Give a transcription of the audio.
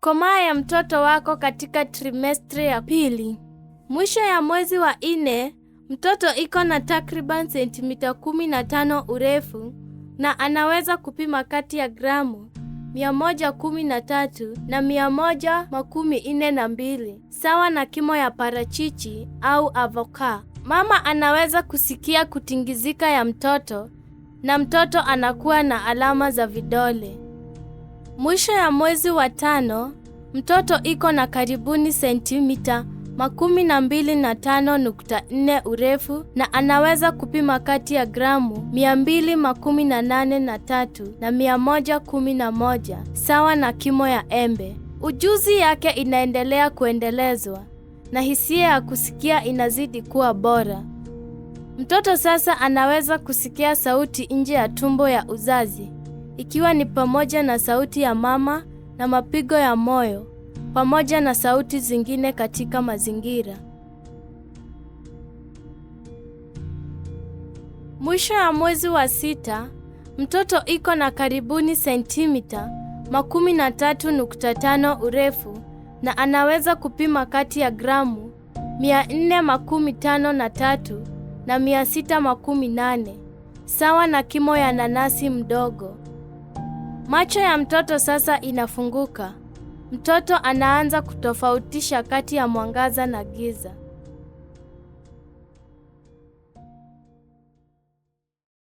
komaa ya mtoto wako katika trimestri ya pili. Mwisho ya mwezi wa ine mtoto iko na takriban sentimita 15 urefu na anaweza kupima kati ya gramu 113 na 142, sawa na kimo ya parachichi au avoka. Mama anaweza kusikia kutingizika ya mtoto na mtoto anakuwa na alama za vidole. Mwisho ya mwezi wa tano, mtoto iko na karibuni sentimita makumi na mbili na tano nukta nne urefu na anaweza kupima kati ya gramu mia mbili makumi na nane na tatu na mia moja kumi na moja sawa na kimo ya embe. Ujuzi yake inaendelea kuendelezwa na hisia ya kusikia inazidi kuwa bora. Mtoto sasa anaweza kusikia sauti nje ya tumbo ya uzazi ikiwa ni pamoja na sauti ya mama na mapigo ya moyo pamoja na sauti zingine katika mazingira. Mwisho ya mwezi wa sita, mtoto iko na karibuni sentimita makumi na tatu nukta tano urefu na anaweza kupima kati ya gramu mia nne makumi tano na tatu na mia sita makumi nane sawa na kimo ya nanasi mdogo. Macho ya mtoto sasa inafunguka. Mtoto anaanza kutofautisha kati ya mwangaza na giza.